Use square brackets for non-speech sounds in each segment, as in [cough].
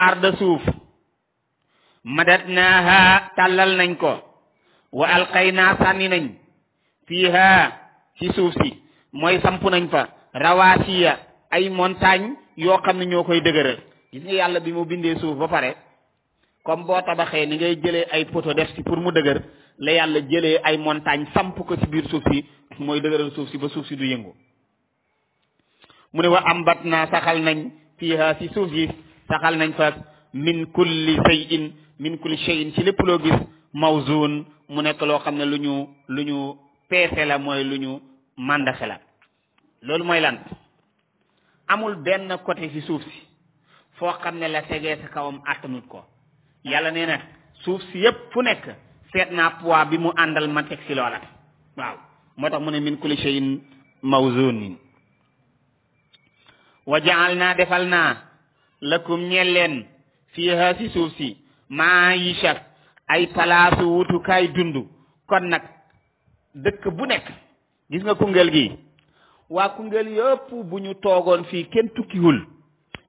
arda suuf madatnaaha tàllal nañ ko wa naa sànni nañ fiiha ci suuf si mooy samp nañ fa rawaasiya ay montagne yoo xam ne ñoo koy dëgëral gis nga yàlla bi mu bindee suuf ba pare comme boo tabaxee ni ngay jëlee ay poto def si pour mu dëgër la yàlla jëlee ay montagne samp ko si biir suuf si mooy dëgëral suuf si ba suuf si du yëngu mu ne wa ambat naa saxal nañ fiiha si suuf si saxal nañ fa min kulli shay'in min kulli shay'in ci lépp loo gis mawzun mu nekk loo xam ne lu ñu lu ñu peese la mooy lu ñu màndaxela loolu mooy lan amul benn côté ci suuf si foo xam ne la tegee sa kawam attanut ko yàlla nee na suuf si yépp fu nekk seet na poids bi mu àndal ma teg loola waaw moo tax mu ne min kulli shay'in mawzunin wa jaal naa defal naa lakum ñel leen fiiha si suuf si maayisha ay palaasu wutukaay dund kon nag dëkk bu nekk gis nga Koungheul gi waa Koungheul yëpp bu ñu toogoon fii kenn tukkiwul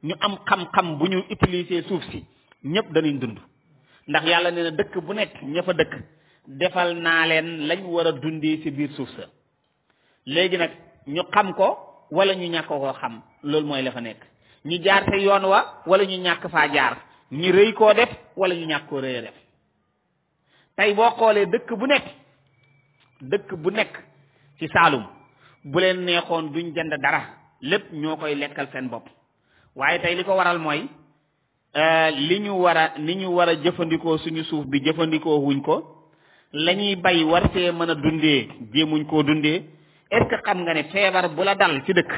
ñu am xam-xam bu ñu utiliser suuf si ñëpp dañuy dund ndax yàlla nee dëkk bu nekk ña fa dëkk defal naa leen lañ war a dundee ci biir suuf sa léegi nag ñu xam ko wala ñu ñàkk koo xam loolu mooy la fa nekk ñu jaar sa yoon wa wala ñu ñàkk faa jaar ñu rëy koo def wala ñu ñàkk koo rëy def tey boo xoolee dëkk bu nekk dëkk bu nekk ci Saalum bu leen neexoon duñ jënd dara lépp ñoo koy lekkal seen bopp waaye tey li ko waral mooy euh, li ñu war a li ñu war a jëfandikoo suñu suuf bi jëfandikoo wuñ ko la ñuy bay war see mën a dundee jéemuñ koo dundee est xam nga ne feebar bu la dal ci dëkk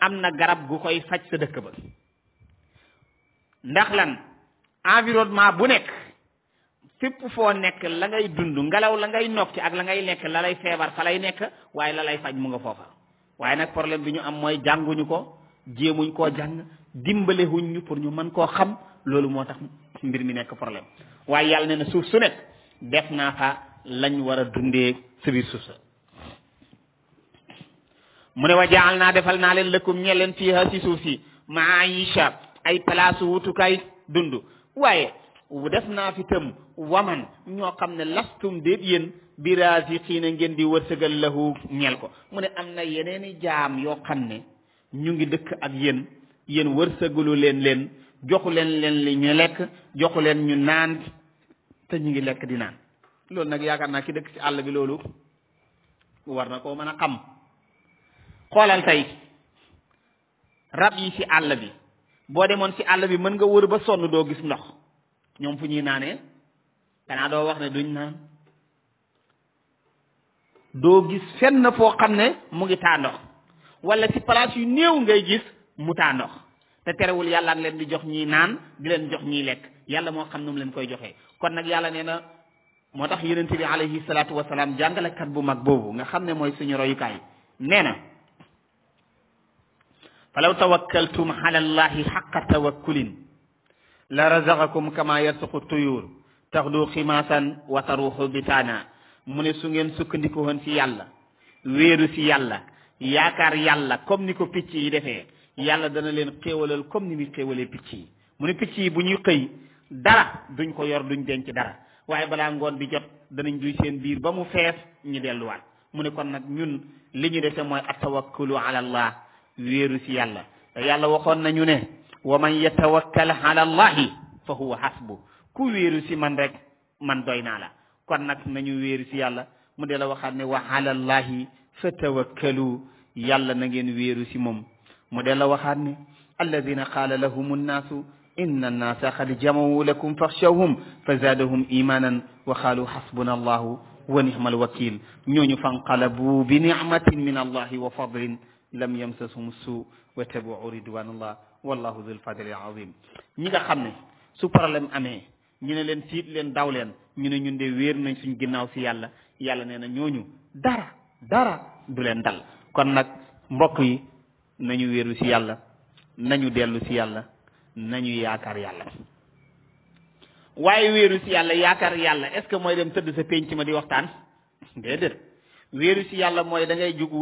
am na garab gu koy faj sa dëkk ba ndax lan environnement bu nekk fépp foo nekk la ngay dund ngelaw la ngay nokki ak la ngay nekk la lay feebar fa lay nekk waaye la lay faj mu nga foofa waaye nag problème bi ñu am mooy jànguñu ko jéemuñ koo jàng dimbalewuñ ñu pour ñu mën koo xam loolu moo tax mbir mi nekk problème waaye yàlla ne na suuf su nekk def naa fa lañ war a dundee sa biir suuf sa mu ne wa jaal naa defal naa leen lëkkum ñe leen fiiha si suuf si maisha ay place wutukaay dund waaye def naa fi tam waman ñoo xam ne lastum déet yéen biraziqiina ngeen di wërsëgal lahu ñel ko mu ne am na yeneeni jaam yoo xam ne ñu ngi dëkk ak yéen yéen wërsëgalu leen leen joxu leen leen li ñu joxu leen ñu naan te ñu ngi lekk di naan loolu nag yaakaar naa ki dëkk ci àll bi loolu war na koo mën a xam xoolal tey rab yi ci àll bi boo demoon ci àll bi mën nga wër ba sonn doo gis ndox ñoom fu ñuy naanee xanaa doo wax ne duñ naan doo gis fenn foo xam ne mu ngi taa ndox walla ci place yu néew ngay gis mu taa ndox te terewul yàlla ngi leen di jox ñiy naan di leen jox ñiy lekk yàlla moo xam nu mu leen koy joxee kon nag yàlla nee na moo tax yonent bi alayhi salaatu wasalaam jàngalekat bu mag boobu nga xam ne mooy suñu royukaay nee na فلو توكلتم على الله حق توكل لرزقكم كما يرزق الطيور تغدو خماسا وتروح بتانا من سنين سكنكوهن في يالا ويرو في يالا ياكار يالا كم نكو بيتي يدفع يالا دانا لين قيولة كم نمي قيولة بيتي من بيتي بني قي دارا دون كو يور دون دينك دارا waye bala ngon bi jot dañu juy seen biir ba mu fess ñu delu waat mu ne kon nak ñun li wéeru ci yàlla te yàlla waxoon nañu ne wa man yatawakkal ala allahi fa huwa hasbu ku wéeru ci man rek man doy naa la kon nag nañu wéeru ci yàlla mu de la waxaat ne wa ala allahi fa tawakkalu yàlla na ngeen wéeru ci moom mu de la waxaat ne alladina qaala lahum annaasu إن الناس قد جمعوا لكم فاخشوهم فزادهم إيمانا وقالوا حسبنا الله ونعم الوكيل نيون فانقلبوا بنعمة من الله وفضل lam sa suu su tabiu ridwanallah wallahu dul fadli azim ñi nga xam ne su problème amee ñu ne leen tiit leen daw leen ñu ne ñun de wéer nañ suñ ginnaaw si yàlla yàlla nee na ñooñu dara dara du leen dal kon nag mbokk yi nañu wéeru si yàlla nañu dellu si yàlla nañu yaakaar yàlla waaye wéeru si yàlla yaakaar yàlla est-ce mooy dem tëdd sa penc ma di waxtaan déedéet wéeru si yàlla mooy da ngay jug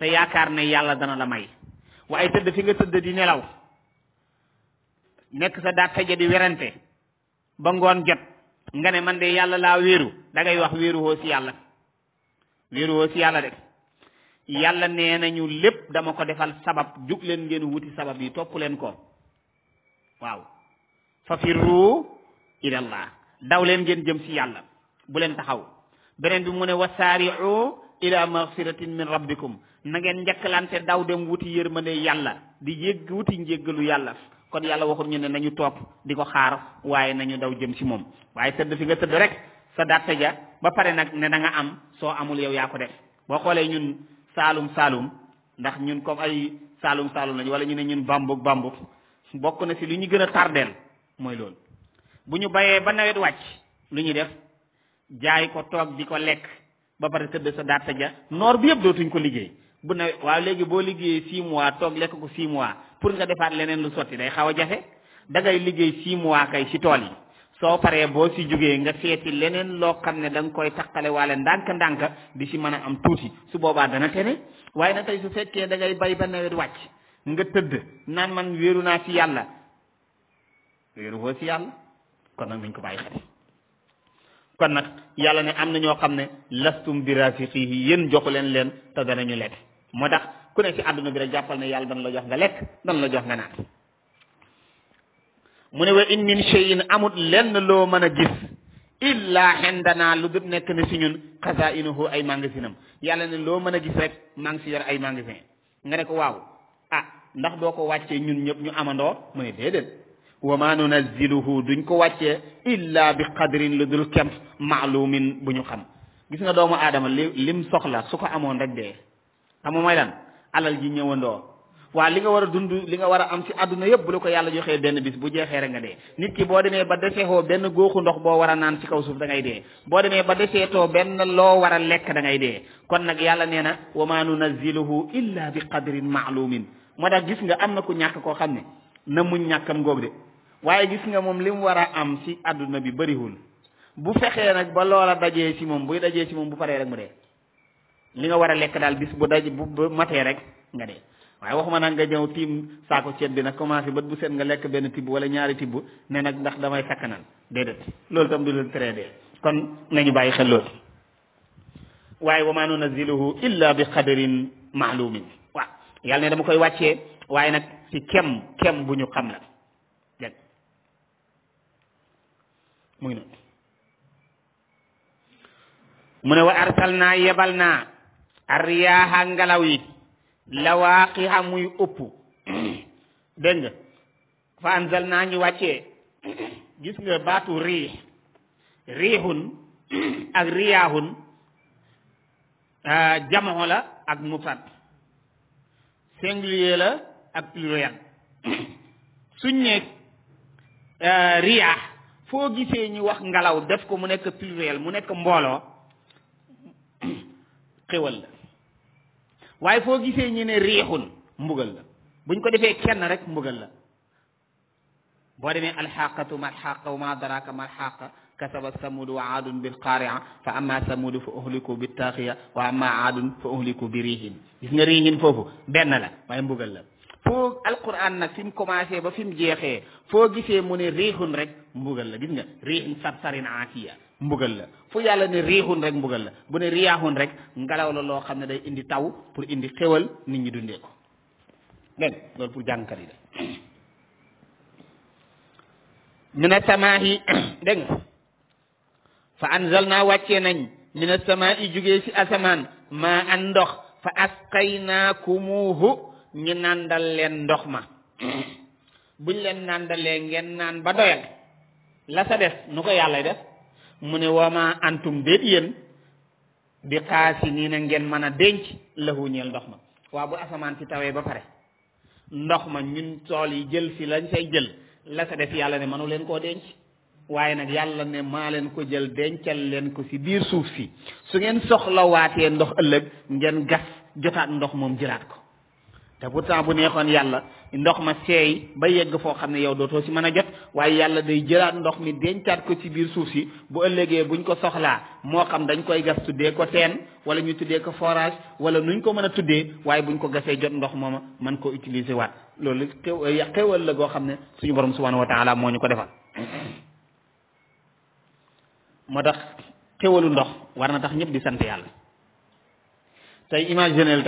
te yaakaar na yàlla dana la may waaye tëdd fi nga tëdd di nelaw nekk sa daat ja di werante ba ngoon jot nga ne man de yàlla laa wéeru dangay wax wéeru woo si yàlla wéeru woo si yàlla de yàlla nee nañu lépp dama ko defal sabab jug leen ngeen wuti sabab yi topp leen ko waaw fa firru ilallah daw leen ngeen jëm ci yàlla bu leen taxaw beneen bi mu ne wasaariu ila magfiratin min rabbikum nangeen ngeen daw dem wuti yërmande yàlla di yëgg wuti njéggalu yàlla kon yàlla waxul ñu ne nañu topp di ko xaar waaye nañu daw jëm si moom waaye tëdd fi nga tëdd rek sa dàtte ja ba pare nag ne danga am soo amul yow yaa ko def boo xoolee ñun saalum saalum ndax ñun comme ay saalum saalum lañu wala ñu ne ñun bambuk bambuk bokk na si lu ñu gën a tardeel mooy loolu bu ñu bayee ba nawet wàcc lu ñuy def jaay ko toog di ko lekk ba pare tëdd sa dàtte ja noor bi yëpp dootuñ ko liggéey bu nawet waaw léegi boo liggéeyee 6 mois toog lekk ko 6 mois pour nga defaat leneen lu sotti day xaw a jafe dangay liggéey 6 mois kay ci tool yi soo paree boo ci jógee nga seeti leneen loo xam ne danga koy takkale waale ndànk-ndànk di ci mën a am tuuti su boobaa dana tene waaye nag tey su fekkee dangay bay ba nawet wàcc nga tëdd naan man wéeru naa si yàlla wéeru woo si yàlla kon nag nañ ko bàyyi xel kon nag yàlla ne am na ñoo xam ne lastum bi rafiqihi yéen joxu leen leen te danañu lekk moo tax ku nekk ci àdduna bi rek jàppal na yàlla dana la jox nga lekk dana la jox nga naan mu ne wa in min cheyin amut lenn loo mën a gis illa xendanaa lu dut nekk na si ñun xazainuhu ay magasinam yàlla ne loo mën a gis rek maa ngi yor ay magasin nga ne ko waaw a ah, ndax doo ko wàccee ñun ñëpp ñu amandoo mu ne déedéet wa ma nunaziluhu duñ ko wàccee illa bi qadrin lu dul kem maalumin bu ñu xam gis nga doomu aadama li lim soxla su ko amoon rek dee xam nga mooy lan alal ji ñëwandoo waa li nga war a dund li nga war a am ci àdduna yëpp bu la ko yàlla joxee benn bis bu jeexee rek nga dee nit ki boo demee ba desexoo benn góoxu ndox boo war a naan ci kaw suuf da ngay dee boo demee ba deseetoo benn loo war a lekk da ngay dee kon nag yàlla nee na wa ma nunaziluhu illa bi qadrin maalumin moo tax gis nga am na ku ñàkk koo xam ne na muñ ñàkkam góob de waaye gis nga moom li mu war a am ci àdduna bi bëriwul bu fexee nag ba loola dajee ci moom buy dajee ci moom bu paree rek mu dee li nga war a lekk daal bis bu daj bu matee rek nga dee waaye waxuma nag nga ñëw tiim saako ceeb bi nag commencé bët bu set nga lekk benn tibb wala ñaari tibb ne nag ndax damay sakkanal déedéet loolu tam du leen traité kon nañu bàyyi xel loolu waaye wa maa nunaziluhu illa bi qadarin maalumin waaw yàlla ne dama koy wàcce waaye nag ci kem kem bu ñu xam la mu ne wa arsalnaa yebal naa arriyaaxa ngelaw yi lawaaqiha muy ëpp dégg fa anzal naa ñu wàccee gis nga baatu riix riixun ak riyaahun ah, jamono la ak mufrad singulier la ak pluriel suñ ne ah, riyaax foo gisee ñu wax ngelaw def ko mu nekk pluriel mu nekk mbooloo xéwal la waaye foo gisee ñu ne riixun mbugal la buñ ko defee kenn rek mbugal la boo demee alxaqatu ma alxaqa wa ma adraka ma alxaqa kasaba samudu wa aadun bil qaria fa amma samudu fa uhliku bi taaxiya wa amma aadun fa uhliku bi riihin gis nga riihin foofu benn la waaye mbugal la foo alquran nag fi mu commencé ba fi mu jeexee foo gisee mu ne riixun rek mbugal la gis nga riixin sarsarin aatiya mbugal la fu yàlla ne riixun rek mbugal la bu ne riyaaxun rek ngelaw la loo xam ne day indi taw pour indi xéwal nit ñi dundee ko dégg loolu pour jàngkat yi la mina samaahi [coughs] dégg fa anzalna wàccee nañ mina samaahi jóge ci asamaan maa an ndox fa asqaynaakumuhu ñu nàndal leen ndox ma [coughs] buñ leen nàndalee ngeen naan ba doyal la des nu ko yàlla def mu ne wama antum déet yéen bi xaasi nii na ngeen mën a denc lahu ndox ma waaw bu asamaan si tawee ba pare ndox ma ñun tool yi jël si lañ say jël la sa def yàlla ne mënu leen koo denc waaye nag yàlla ne maa leen ko jël dencal leen ko ci biir suuf si su ngeen soxlawaatee ndox ëllëg ngeen gas jotaat ndox moom jëlaat ko te pourtant bu neexoon yàlla ndox ma seey ba yegg foo xam ne yow dootoo ci mën a jot waaye yàlla day jëlaat ndox mi dencaat ko ci biir suuf si bu ëllëgee buñ ko soxlaa moo xam dañ koy gas tuddee ko teen wala ñu tuddee ko forage wala nuñ ko mën a tuddee waaye buñ ko gasee jot ndox mooma mën koo utiliser waat loolu xew xewal la goo xam ne suñu borom subhanahu wa taala moo ñu ko defal moo tax xewalu ndox war na tax ñëpp di sant yàlla tey imaginel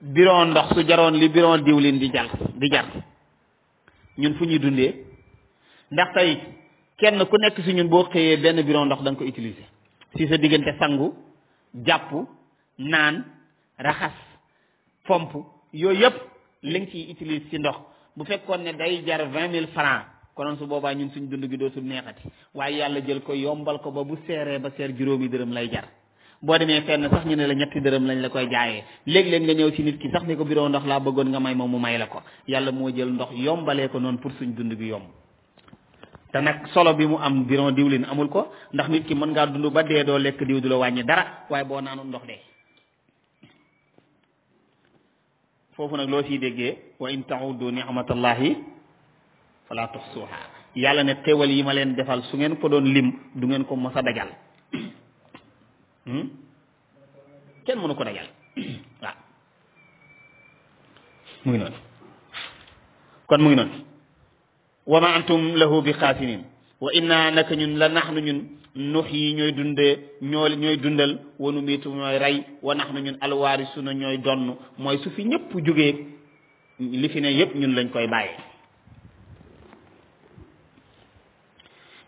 biron ndox su jaroon li biron diwlin di jal di jar ñun fu ñuy dundee ndax tey kenn ku nekk si ñun boo xëyee benn biron ndox da ko utiliser si sa diggante sangu jàpp naan raxas pomp yooyu yëpp li nga ciy utilise si ndox bu fekkoon ne day jar vingt mille francs konoon su boobaa ñun suñ dund gi dootul neexati waaye yàlla jël ko yombal ko ba bu seeree ba seer juróomi dërëm lay jar boo demee fenn sax ñu ne la ñetti dërëm lañ la koy jaayee léeg-léeg nga ñëw ci nit ki sax ni ko biro ndox laa bëggoon nga may ma mu may la ko yàlla moo jël ndox yombalee ko noonu pour suñ dund bi yomb te nag solo bi mu am biro diwlin amul ko ndax nit ki mën ngaa dund ba dee doo lekk diw du la wàññi dara waaye boo naanul ndox dee foofu nag loo ciy déggee wa in tahudu nicmatallahi fala tuxsuha yàlla ne teewal yi ma leen defal su ngeen ko doon lim du ngeen ko mos a dajal Hmm? kenn mënu ko dajal waaw [clears throat] ah. mu ngi noonu kon mu ngi noonu wa antum lahu bi xaasinin wa inna naka ñun la naxnu ñun nux yi ñooy dundee ñoo ñooy dundal wa nu miitu ñooy rey wa naxnu ñun alwaarisuna ñooy donn mooy su fi ñëpp jógee li fi yëpp ñun lañ koy bàyyee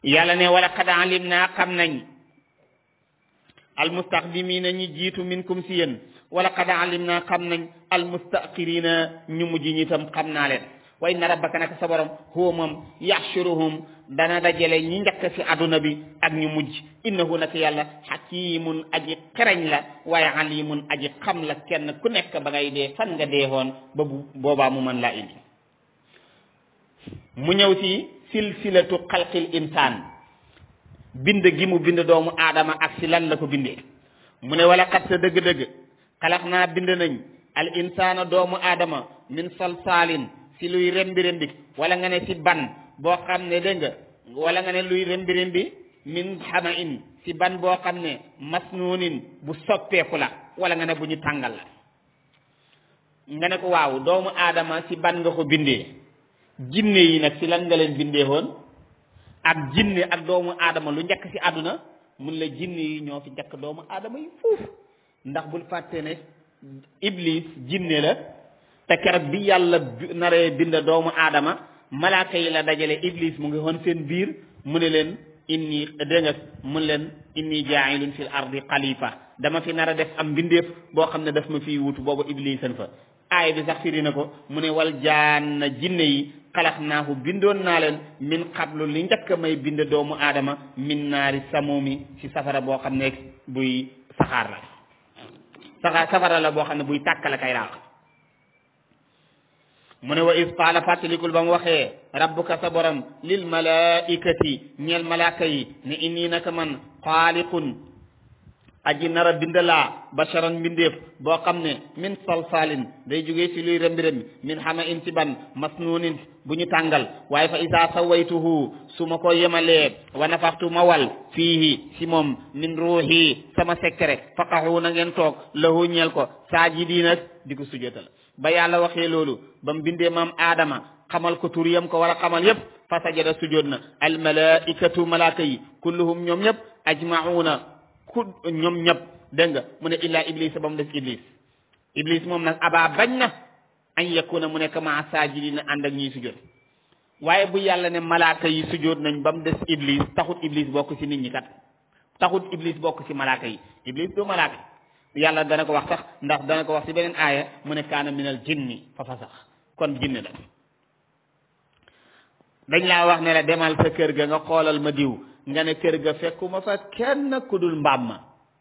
yàlla ne wala xad naa xam nañ almustaqdimina ñi jiitu minkum si yéen wala qad alim naa xam nañ almustaqirina ñu mujj ñi tam xam naa leen wa inna rabbaka naka sa borom huwa moom yaxshuruhum dana ñi njëkk si adduna bi ak ñu mujj innahu naka yàlla xakimun aji xereñ la waaye alimun aji xam la kenn ku nekk ba ngay dee fan nga dee woon ba mu man laa indi mu ñëw si silsilatu xalqil insaan bind gi mu bind doomu aadama ak ci lan la ko bindee mu ne wala xat sa dëgg-dëgg xalax naa bind nañ al insaana doomu aadama min salsaalin ci luy rembi rembi wala nga ne boo xam ne dégg nga wala nga ne luy rembi rembi min xama in ban boo xam ne masnuunin bu soppeeku la wala nga ne bu ñu tàngal la nga ne ko waaw doomu aadama ci ban nga ko bindee jinne yi nag ci lan nga leen bindee woon ak jinne ak doomu aadama lu njëkk ci àdduna mun la jinne yi ñoo fi njëkk doomu aadama yi foofu ndax bul fàtte ne iblis jinne la te keroog bi yàlla naree bind doomu aadama malaaka yi la dajale iblis mu ngi woon seen biir mu ne leen inni dégg nga mu ne leen inni jaa'ilun fil ardi xalifa dama fi nar a def am mbindeef boo xam ne daf ma fi wutu boobu iblis seen fa aay bi sax firi na ko mu ne wal jaan na jinne yi xalax bindoon naa leen min xablu li njëkk may bind doomu aadama min naari samoomi ci safara boo xam ne buy saxaar la saxaar safara la boo xam ne buy tàkkal la kay raax mu ne wa is qaala fàttalikul ba mu waxee rabbuka sa lil malaikati ñeel malaaka ne inni naka man xaaliqun aji nara bindala basharan bindef bo xamne min salsalin day joge ci luy rembi rembi min hama intiban masnunin buñu tàngal waaye fa isa sawaituhu suma ko yemale wa nafaxtu mawal fihi fiihi si min ruhi sama sekkere faqahu na ngeen tok lahu ñel ko saajidiina di ko ba yàlla waxe lolu bam binde mam adama xamal ko tur yam ko wala xamal yeb fa sajada sujudna al malaikatu malaikai kulluhum ñom ñep ajmauna ku ñom ñep denga, nga mu illa iblis bam def iblis iblis mom nak aba bañ na an yakuna mu ka ma sajidin and ak ñi sujud waye bu yalla ne malaaka yi sujud nañ bam def iblis taxut iblis bok ci nit ñi kat taxut iblis bok ci malaaka yi iblis do malaaka yalla dana ko wax sax ndax dana ko wax ci benen aya mu ne minal jinni fa fa sax kon jinni la dañ la wax ne la demal sa kër ga nga xolal ma diw nga ne kër ga fekkuma fa kenn ku dul mbam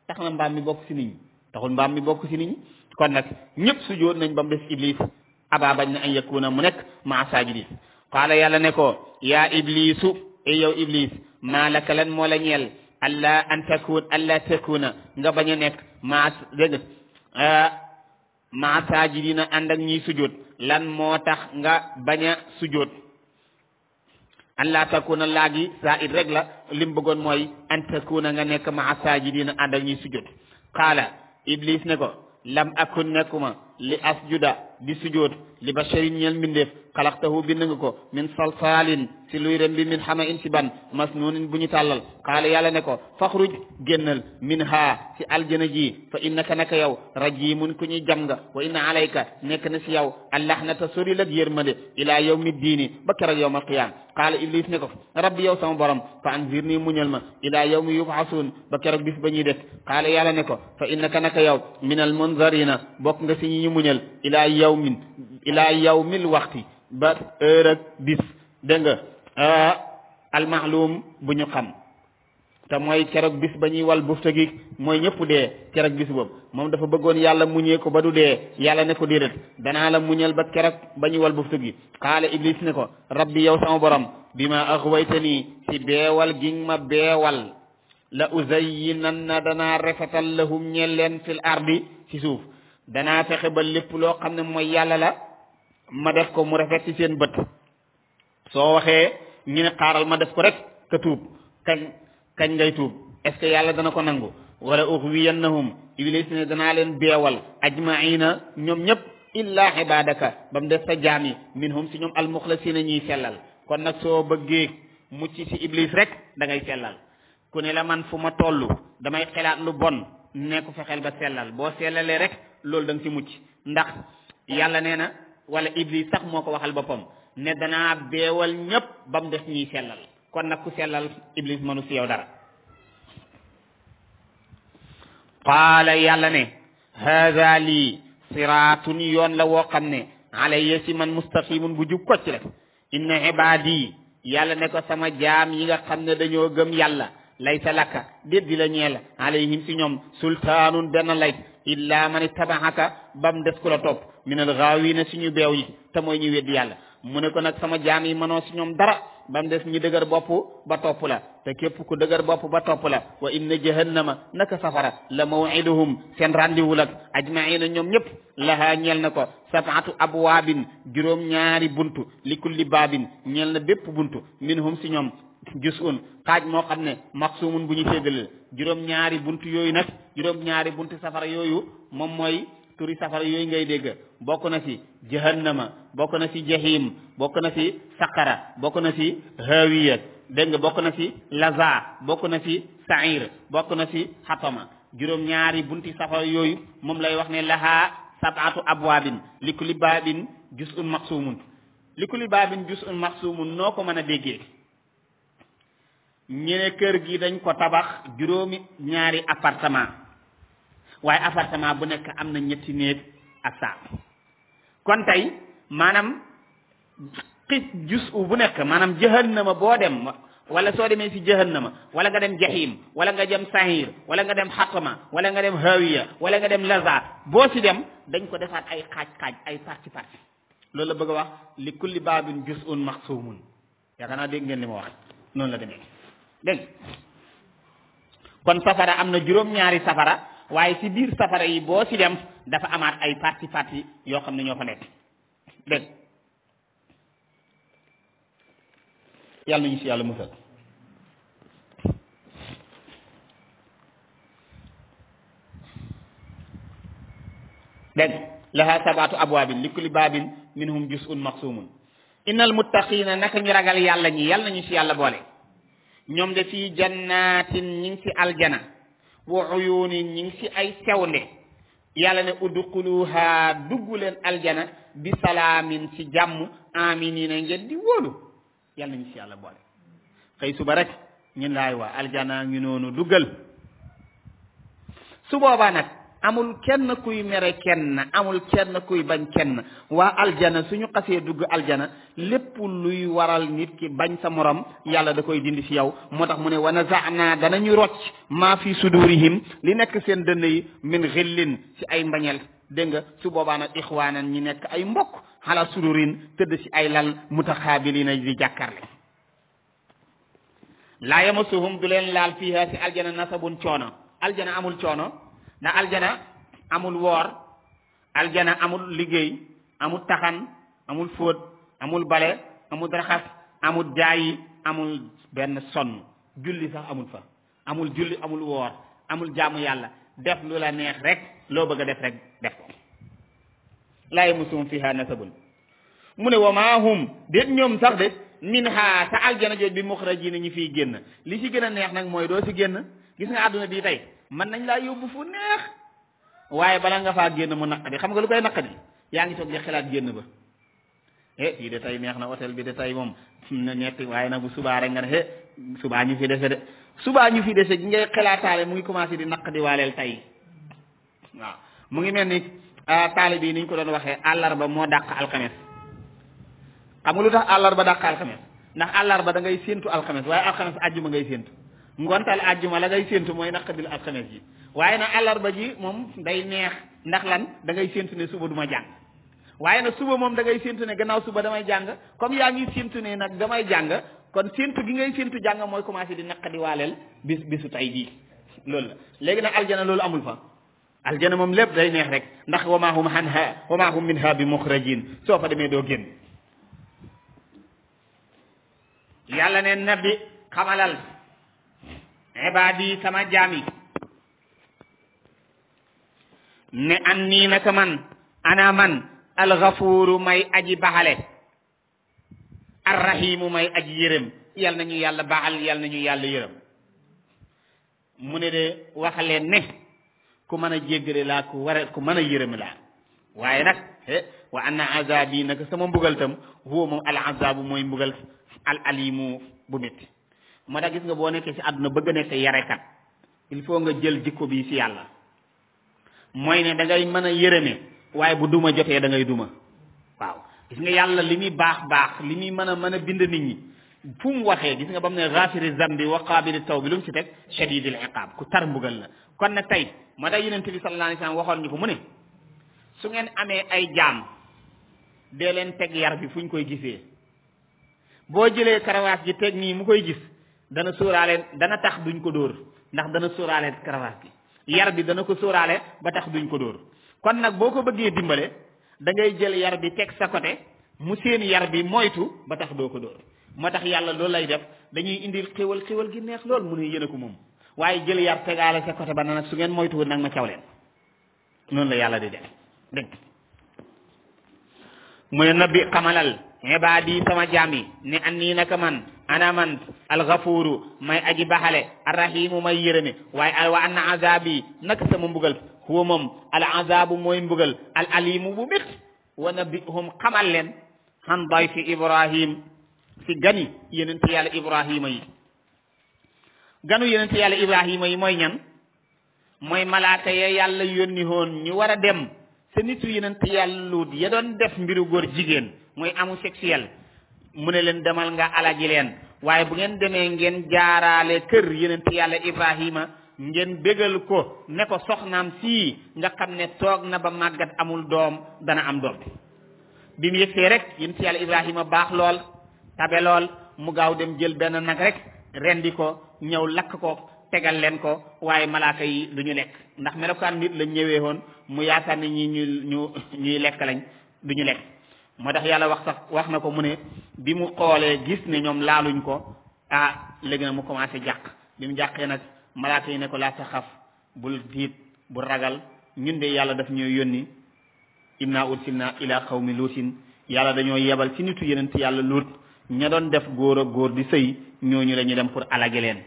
tax na mbam mi bok ci nit ñi taxul mbaam mi bok ci nit kon nak ñepp su joon nañ bam def iblis aba bañ na ay yakuna mu nek ma sajidi qala yalla ne ko ya iblis e yow iblis ma laka lan mo la ñel alla an takun alla takuna nga bañ a nekk maa dégg and ah, ak lan moo tax nga baña a an laa takuna laagi saa it rek la lim bëggoon mooy an takuna nga nekk maa saajidina ànd ak ñuy sujjot qaala iblis ne ko lam akun nekkuma li asjuda di sujjoot li basharin ñeel mbindeef xalaqtahu bind nga ko min salsaalin si luy rem bi min xama in si ban masnuunin bu yàlla ne ko faxruj génnal min haa aljana ji fa innaka naka yow rajimun ku ñuy jam nga wa inna alayka nekk na si yow allahnata sori la yërmande ila yawmi diini ba keroog yawm alqiyam xaala iblis ne ko rabbi yow sama borom fa anzirni muñal ma ila yawmi yubasuun ba bis ba def xaala yàlla ne ko fa innaka naka yow min almunzarina bokk nga si ñi muñal ilaa yawmin ilaa yawmil waxti ba heure ak bis dégg nga bu ñu xam te mooy keroog bis ba ñuy wal bufta gi mooy ñëpp dee keroog bis boobu moom dafa bëggoon yàlla muñee ko ba du dee yàlla ne ko déedéet danaa la muñal ba keroog ba ñuy wal bufta gi xaala iblis ne ko rabbi yow sama borom bi ma axwaytanii si beewal gi ma beewal la uzayinan na danaa rafetal lahum ñeel leen fil ardi ci suuf danaa fexe ba lépp loo xam ne mooy yàlla la ma def ko mu rafet ci seen bët soo waxee ñu ne xaaral ma def ko rek te tuub kañ kañ ngay tuub est-ce que yàlla dana ko nangu wala uxwiyannahum iblis ne danaa leen beewal ajmaina ñoom ñëpp illa ibadaka ba mu def sa jaam yi minhum si ñoom almuxlasina ñuy sellal kon nag soo bëggee mucc ci iblis rek da ngay sellal ku ne la man fu ma toll damay xelaat lu bon neeku xel ba selal bo selale rek loolu dang ci mucc ndax yàlla neena wala iblis sax moko waxal bopam ne dana beewal ñep bam def ñi selal kon nak ku selal iblis manu ci yow dara qala yàlla ne hadha li siratun yon la wo xamne alayya si man mustaqimun bu jub ci rek inna ibadi yàlla ne ko sama jaam yi nga xamne dañoo gëm yàlla laysa lakka déet di la ñeel alayhim si ñoom sultaanun benn lay illa man ittabaaka bam des ku la topp minal gaawina si ñu beew yi te mooy ñu weddi yàlla mu ne ko nag sama jaam yi mënoo si ñoom dara bam des ñu dëgër bopp ba topp la te képp ku dëgër bopp ba topp la wa in na ma naka safara la mawiduhum seen rendez-vous lak ajmaina ñoom ñëpp lahaa ñeel na ko sabaatu abwaabin juróom ñaari buntu li kulli baabin ñeel na bépp buntu minhum si ñoom jusun xaaj moo xam ne maqsumun bu ñu séddale juróom-ñaari bunt yooyu nag juróom-ñaari bunt safara yooyu moom mooy turi safara yooyu ngay dégg bokk na ci jahannama bokk na ci jahim bokk na ci saqara bokk na ci hawiya dégg nga bokk na ci laza bokk na ci sair bokk na ci xatama juróom-ñaari bunti safara yooyu moom lay wax ne lahaa sab'atu abwaabin li kulli baabin juz'un maqsumun li kulli baabin juz'un maqsumun noo ko mën a déggee ñu kër gi dañ ko tabax juróomi ñaari appartement waaye apartement bu nekk am na ñetti néeg ak saal kon tey maanaam xis jus bu nekk maanaam jahannama boo dem wala soo demee si jahannama wala nga dem jahim wala nga dem sahir wala nga dem xatama wala nga dem hawiya wala nga dem laza boo si dem dañ ko defaat ay xaaj-xaaj ay parti parti loolu la bëgg a wax li kulli baabin jus un maxsuumun yaakaar naa dégg ngeen li ma wax noonu la demee dégg kon safara am na juróom-ñaari safara waaye ci biir safara yi boo ci dem dafa amaat ay parti parti yoo xam ne ñoo fa nekk dégg yàlla nañu si yàlla musal dégg laha sabaatu abwaabin li kulli baabin minhum jusun maqsumun innal muttaqina naka ñu ragal yàlla ñi yàlla nañu si yàlla boole ñoom de fii jannaatin ñi ngi ci aljana wa uyunin ñi ngi ci ay sewnde yàlla ne udxuluha dugg leen aljana bi salaamin ci jàmm aminina ngeen di wóolu yàlla nañu ci yàlla boole xëy suba rek ñun laay waa aljana ngi noonu duggal su boobaa amul kenn kuy mere kenn amul kenn kuy bañ kenn waa aljana suñu xasee dugg aljana lépp luy waral nit ki bañ sa moroom yàlla da koy dindi ci yow moo tax mu ne wa nazana danañu rocc maa fi sudurihim li nekk seen dënn yi min xillin ci ay mbañeel dégg su boobaa nag ñi nekk ay mbokk xala sudurin tëdd ci ay lal mutaxaabilina di jàkkarle laa yamasuhum du leen laal fiiha ci aljana nasabun coono aljana amul coono ndax aljana amul woor aljana amul liggéey amul taxan amul fóot amul bale amul raxas amul jaayi amul benn sonn julli sax amul fa amul julli amul woor amul jaamu yàlla def lu la neex rek loo bëgg a def rek def ko laa yamassuhum fiha nasabun mu ne wa maa hum déet ñoom sax de min ha sa aljana jooj bi muxrajina ñi fiy génn li ci gën a neex nag mooy doo ci génn gis nga àdduna bii tey man nañ la yobbu fu neex waye bala nga fa genn mu naqadi xam nga lu koy naqadi yaangi tok di xalaat ba eh yi de neex na hotel bi de tey moom na nekk waye na bu suba rek nga he suba ñu fi defé de ñu fi defé ngay xalaataale mu ngi commencé di naq walel tay wa mu ngi melni talibi niñ ko doon waxee àllarba moo dàq alxames xam nah, nga lu tax ndax ba da ngay aljuma ngay sentu ngontal àjjuma la ngay séentu mooy naqadil alxames ji waaye nag àllarba ji moom day neex ndax lan dangay ngay séentu ne suba duma ma jàng waaye nag suba moom da ngay séentu ne gannaaw suba damay jàng comme yaa ngi séentu ne nag damay jàng kon séentu gi ngay séentu jàng mooy commencé di naqadi waaleel bis bisu tay bii lool la léegi nag aljana loolu amul fa aljana moom lépp day neex rek ndax wa maa hum anha wa maa hum minha bi muxrajin soo fa demee doo génn yàlla ne ibaadi sama jaam ne an nii naka man ana man alxafuuru may aji baxale arrahimu may aji yërëm yal nañu yàlla baxal yal nañu yàlla yërëm mu ne de wax leen ne ku mën a jéggale laa ku war ku mën a yërëm laa waaye nag wa anna azabi naka sama mbugal tam huwa moom al azabu mooy mbugal al alimu bu métti moo tax gis nga boo nekkee ci àdduna bëgg a nekk yarekat il faut nga jël jikko bi ci yàlla mooy ne da ngay mën a yërëme waaye bu duma jotee da ngay duma waaw gis nga yàlla li muy baax baax li muy mën a mën a bind nit ñi fu mu waxee gis nga ba mu ne ghafiri zambi wa qaabili taw bi lu mu ci teg di iqaab ku tar mbugal la kon nag tey moo tax yonent bi sallallahu alayhi wa sallam waxoon ñu ko mu ne su ngeen amee ay jaam dee leen teg yar bi fu ñu koy gisee boo jëlee karawaas ji teg nii mu koy gis dana sóoraale dana tax duñ ko dóor ndax dana sóoraale cravate bi yar bi dana ko sóoraale ba tax duñ ko dóor kon nag boo ko bëggee dimbale da ngay jël yar bi teg sa côté mu seen yar bi moytu ba tax doo ko dóor moo tax yàlla loolu lay def dañuy indi xéwal xéwal gi neex lool mu ne yéen a ko moom waaye jël yar tegaale sa côté ba nag su ngeen moytuwul nag ma caw leen noonu la yàlla di def dégg mu ne nabbi xamalal ibaadi sama jaam yi ne nii naka man ana man alxafuru may aji baxale arrahimu may yërëme waaye al wa anna azabi naka sama mbugal huwa moom mooy mbugal al alimu bu mét wa nabihum xamal leen xan day fi ibrahim si gani yenente yàlla ibrahima yi ganu yenente yàlla ibrahima yi mooy ñan mooy malaaka ya yàlla yónni hoon ñu war a dem sa nitu yenente yàlla luut ya doon def mbiru góor jigéen mooy muy homosexuel mu ne leen demal nga alaji leen waaye bu ngeen demee ngeen jaaraale kër yonent yàlla Ibrahima ngeen bégal ko ne ko soxnaam sii nga xam ne toog na ba màggat amul doom dana am doom bi mu yëgsee rek yonent yàlla Ibrahima baax lool tabe lool mu gaaw dem jël benn nag rek rendi ko ñëw lakk ko tegal leen ko waaye malaaka yi du ñu lekk ndax melokaan nit lañ ñëwee woon mu yaakaar ne ñi ñu ñu ñuy lekk lañ du ñu lekk moo tax yàlla wax sax wax na ko mu ne bi mu xoolee gis ne ñoom laaluñ ko ah léegi nag mu commencé jàq bi mu jàqee nag malaaka yi ne ko laa taxaf bul diit bu ragal ñun de yàlla daf ñoo yónni inna ursilna ila qawmi luutin yàlla dañoo yebal ci nitu yenent yàlla luut ña doon def góor a góor di sëy ñooñu la ñu dem pour alage leen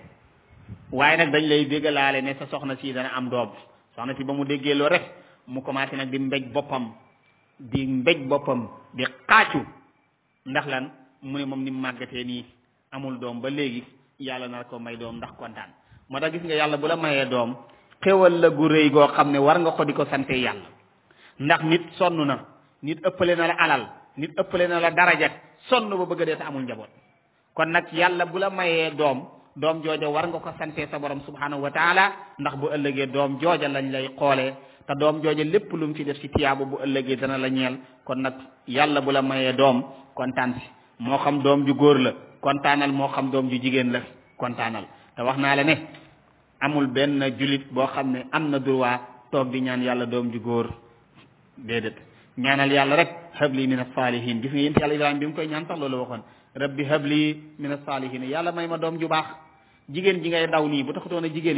waaye nag dañ lay déggalaale ne sa soxna si dana am doom soxna si ba mu déggee loo rek mu commencé nag di mbéj boppam di mbéj boppam di xaacu ndax lan mu ne moom ni màggatee nii amul doom ba léegi yàlla nar ko may doom ndax kontaan moo tax gis nga yàlla bu la mayee doom xéwal la gu rëy goo xam ne war nga ko di ko sante yàlla ndax nit sonn na nit ëppale na la alal nit ëppale na la daraja sonn ba bëgg dee te amul njaboot kon nag yàlla bu la mayee doom doom jooja war nga ko sante sa borom subhanahu wa taala ndax bu ëllëgee doom jooja lañ lay xoolee te doom jooje lépp lu mu ci def ci tiyaabu bu ëllëgee dana la ñeel kon nag yàlla bu la mayee doom kontaan moo xam doom ju góor la kontaanal moo xam doom ju jigéen la kontaanal te wax naa la ne amul benn julit boo xam ne am na droit toog di ñaan yàlla doom ju góor déedéet ñaanal yàlla rek habli min asalihin gis nga yéen yàlla ibrahima bi mu koy ñaan sax loolu waxoon rabbi habli min asalihin yàlla may ma doom ju baax jigéen ji ngay daw nii bu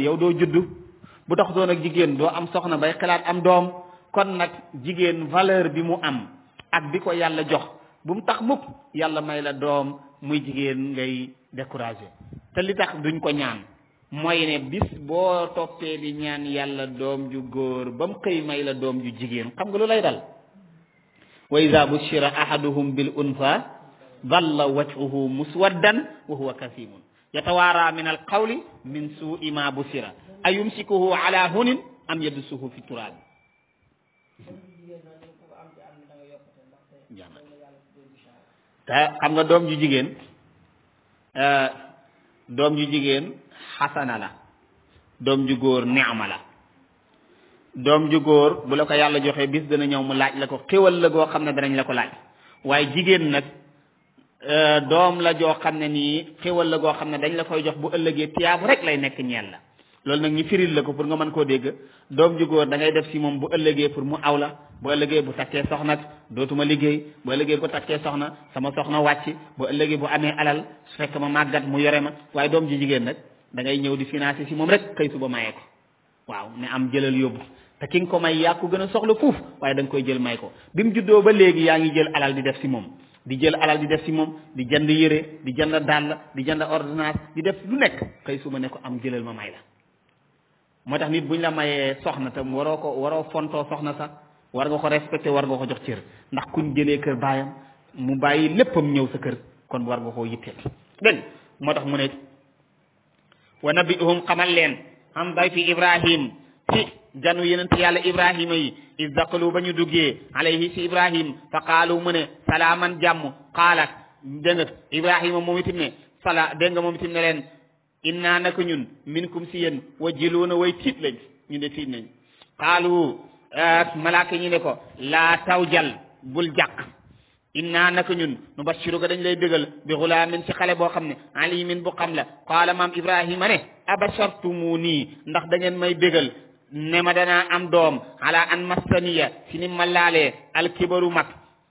yow doo juddu bu taxutoon ak jigéen doo am soxna bay xalaat am doom kon nag jigéen valeur bi mu am ak bi ko yàlla jox bu mu tax mukk yàlla may la doom muy jigéen ngay découragé te li tax duñ ko ñaan mooy ne bis boo toppee di ñaan yàlla doom ju góor ba mu xëy may la doom ju jigéen xam nga lu lay dal wa bu bushira ahaduhum bil unfa dalla wajhuhu muswaddan wa huwa kasimun yatawaara min alqawli min suui ma bushira a yumsikuhu ala hunin am yadussuhu fi turaab te xam nga doom ju jigéen euh, doom ju jigéen xasana la doom ju góor neema la doom ju góor bu la ko yàlla joxee bis dana ñëw mu laaj la ko xéwal la goo xam ne danañ la ko laaj waaye jigéen nag euh, doom la joo xam ne nii xéwal la goo xam ne dañ la koy jox bu ëllëgee tiyaabu rek lay nekk ñeel la loolu nag ñu firil la ko pour nga man koo dégg doom ju dangay def si moom bu ëllëgee pour mu aw la bu ëllëgee bu takkee soxna dootuma liggéey bu ëllëgee bu takkee soxna sama soxna wàcc bu ëllëgee bu amee alal su fekk ma màggat mu yore ma waaye doom ji jigéen nag dangay ñëw di financé si moom rek xëy suba mayee ko waaw ne am jëlal yóbbu te ki nga ko may yaa ko gën a soxla fuuf waaye da koy jël may ko bi mu juddoo ba léegi yaa ngi jël alal di def si moom di jël alal di def si moom di jënd yére di jënd dàll di jënd ordonnance di def lu nekk xëy suba ne ko am jëlal ma may moo tax nit buñ la mayee soxna tam waroo ko waroo fontoo soxna sax war nga ko respecté war nga ko jox cër ndax kuñ jëlee kër baayam mu bàyyi léppam ñëw sa kër kon war nga koo yitteel dégg moo tax mu ne wa nabihum xamal leen am bay fi ibrahim ci janu yenent yàlla ibrahima yi is daqalu ba ñu duggee alayhi si ibrahim fa qaalu mu ne salaaman jàmm qaalat dégg ibrahima moom itam ne sala dégg moom itam ne leen inna naka ñun minkum si yéen wajiluna way tit lañ ñu ne tit nañ ak malaaka ñi ne ko la tawjal bul jàq inna naka ñun nu ga dañ lay bégal bi xulaamin ci xale bo xamne alimin bu xam la qaala maam ibrahima ne abashartumuni ndax da ngeen may bégal nema dana am doom ala an massaniya si ni ma laalee alkibaru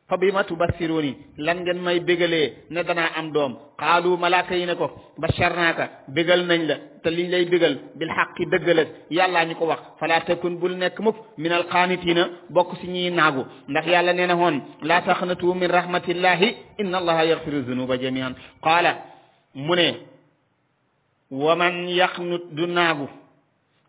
fa bi ma tubassiruni lan ngeen may bégalee ne danaa am doom qaalu malaaka yi ne ko basharnaaka bégal nañ la te liñ lay bégal bil xaqi dëggalas yàllaa ñu ko wax fala takun bul nekk mukk min al qaanitina bokk si ñiy naagu ndax yàlla nee na hoon laa taxnatu min rahmatillahi inna allaha yaxfiru zunuba jamian qaala mu ne wa man yaxnut du naagu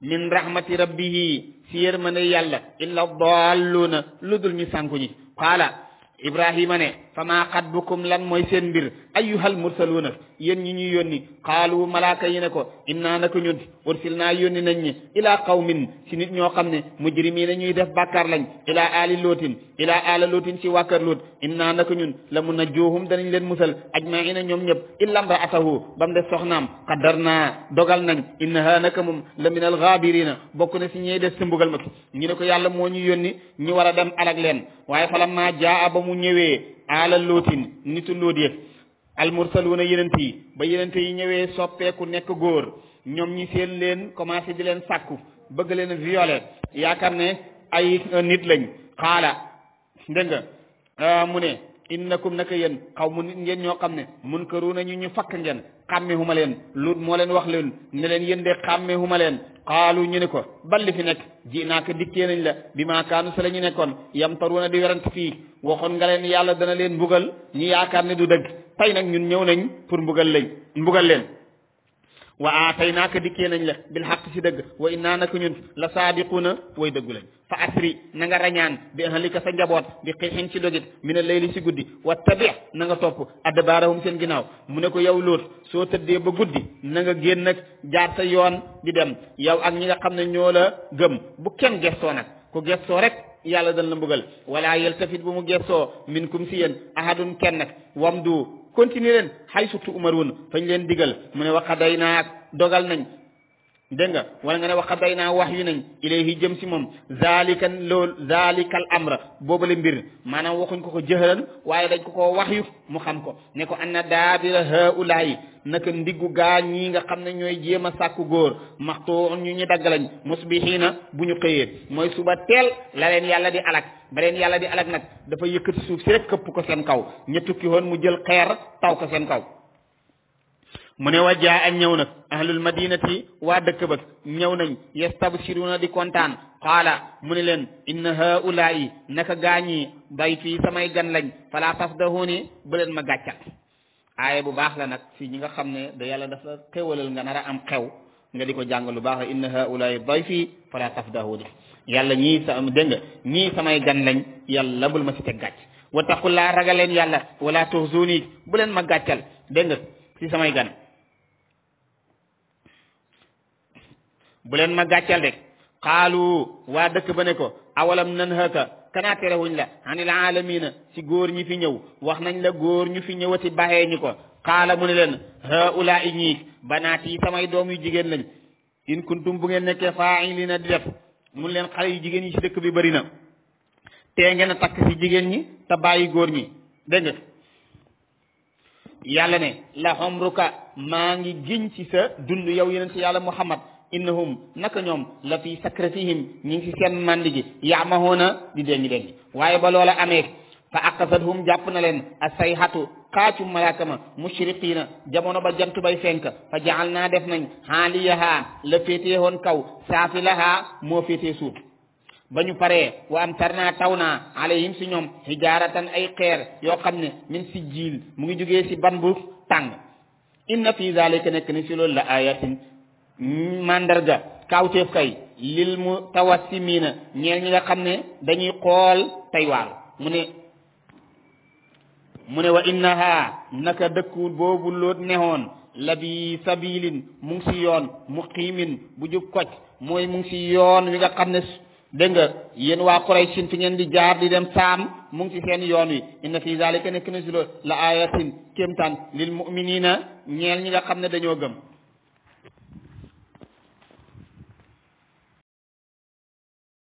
min rahmati rabbihi si yërmande yàlla illa dalluna lu dul ñu sànku ñi qaala ibrahima ne fama xatbukum lan mooy seen mbir ayyuhal mursaluuna yéen ñi ñuy yónni qaalu malaaka yi ne ko inna naka ñun ursilnaa yónni nañ ñi ilaa qawmin si nit ñoo xam ne mujrimiina ñuy def bàkkaar lañ ilaa aali lootin ilaa aala lootin si wàkkar loot inna naka ñun la mun na joohum danañ leen musal ajmaina ñoom ñëpp illa mraatahu ba mu def soxnaam qaddar naa dogal nañ innaha naka moom la min algaabirina bokk na si ñey des si mbugal ma ñu ne ko yàlla moo ñu yónni ñu war a dem ala lootin nitu loot ya almursaluuna yenente yi ba yenente yi ñëwee soppeeku nekk góor ñoom ñi seen leen commencé di leen sàkku bëgg leen violer yaakaar ne ay euh, nit lañ xaala dégg nga euh, mu ne innakum naka yéen xaw mu nit ngeen ñoo xam ne mun na ñu ñu fakk ngeen xàmmehuma leen lut moo leen wax leen ne leen yéen de xàmmehuma leen xaalu ñu ne ko balli fi nekk ji naaka dikkee nañ la bi maakaanu sa la ñu nekkoon yam taruna di werante fii waxoon nga leen yàlla dana leen mbugal ñu yaakaar ne du dëgg tey nag ñun ñëw nañ pour mbugal lañ mbugal leen waa wa aataynaaka dikkee nañ la bil xaq si dëgg wa naa naka ñun la saadiquuna way dëggu lañ fa asri na nga rañaan bi ahlika sa njaboot bi xiixin ci dogit mina layli si guddi wa tabi na nga topp adbaarahum seen ginnaaw mu ne ko yow lóot soo tëddee ba guddi nanga nga génn nag jaar sa yoon di dem yow ak ñi nga xam ne ñoo gëm bu kenn gestoo nag ku gestoo rek yàlla dal na mbugal wala yeltafit bu mu gestoo minkum si yéen ahadun kenn nag wam du continuer leen xay surtout umar wun fañ leen digal mu ne waxa day naak dogal nañ dégg nga wala nga ne wax a xaday naa wax yu nañ ilayhi jëm si moom zalika lool zalikal amra boobale mbir maanaam waxuñ ko ko jëxëran waaye dañ ko ko wax yu mu xam ko ne ko anna daabira haulayi naka ndiggu gaa ñii nga xam ne ñooy jéem a sàkku góor maxtoo ñu ñu dagg lañ musbihiina bu ñu xëyee mooy suba teel la yàlla di alak ba yàlla di alak nag dafa yëkkati suuf si rek këpp ko seen kaw ña tukki woon mu jël xeer taw ko seen kaw mune waja wajaa ak ñëw ahlul madinati wa dëkk ba ñëw nañ yastabshiruna di kontan qala mune len in haula'i haulaai naka gaañi bayti samay gan lañ fala tafdahuni bu len ma gàccal aaye bu bax la nak si ñi nga xamne da yàlla dafa xewalal nga nar am xew nga diko jàng lu bax in haula'i haulaai fala tafdahuni yàlla ñi sa am nga ñi samay gan lañ yàlla bul ma ci teg gatch wa taqulla ragalen yàlla wala tuhzuni bu len ma gatchal dégg si samay gan bu leen ma gàcceel rek xaalu waa dëkk ba ne ko awalam nan haka kanaa terewuñ la anil aalamiina ci góor ñi fi ñëw wax nañ la góor ñu fi ñëw ñëwati baxee ñu ko xaala mu ne leen haulaa i ñii yi doom yu jigéen lañ in kuntum bu ngeen nekkee faa'iliina di def leen jigéen yi ci dëkk bi bëri na tee ngeen a takk ci jigéen ñi te bàyyi góor ñi dégg nga yàlla ne la xomruka maa ngi giñ ci sa dund yow yeneen ci yàlla muhammad innahum naka ñoom la fi sakratihim ñi ngi ci man mandi gi yaamahoona di dengi dengi waaye ba loola amee fa aqasathum jàpp na leen a sayhatu xaacu malaaka ma mushriqiina jamono ba jant bay fenk fa jaal naa def nañ xaaliyaha la féetee woon kaw saafilaha moo féetee suuf ba ñu paree wa am tar naa taw naa si ñoom hijaaratan ay xeer yoo xam ne min si jiil mu ngi jógee si ban bu tàng inna fi zalika nekk ni si loolu la ayatin mandarga kaawteef kay lil mu tawassimina ñeel ñi nga xam ne dañuy xool tey mu ne mu ne wa innaha naka dëkku boobu loot neexoon labi sabilin mu ngi si yoon muqimin bu jub koc mooy mu ngi si yoon wi nga xam ne dégg nga yéen waa Quraysin fi ngeen di jaar di dem saam mu ngi seen yoon wi inna fi daal nekk na si loolu la ayatin kéemtaan lil muminina ñeel ñi nga xam ne dañoo gëm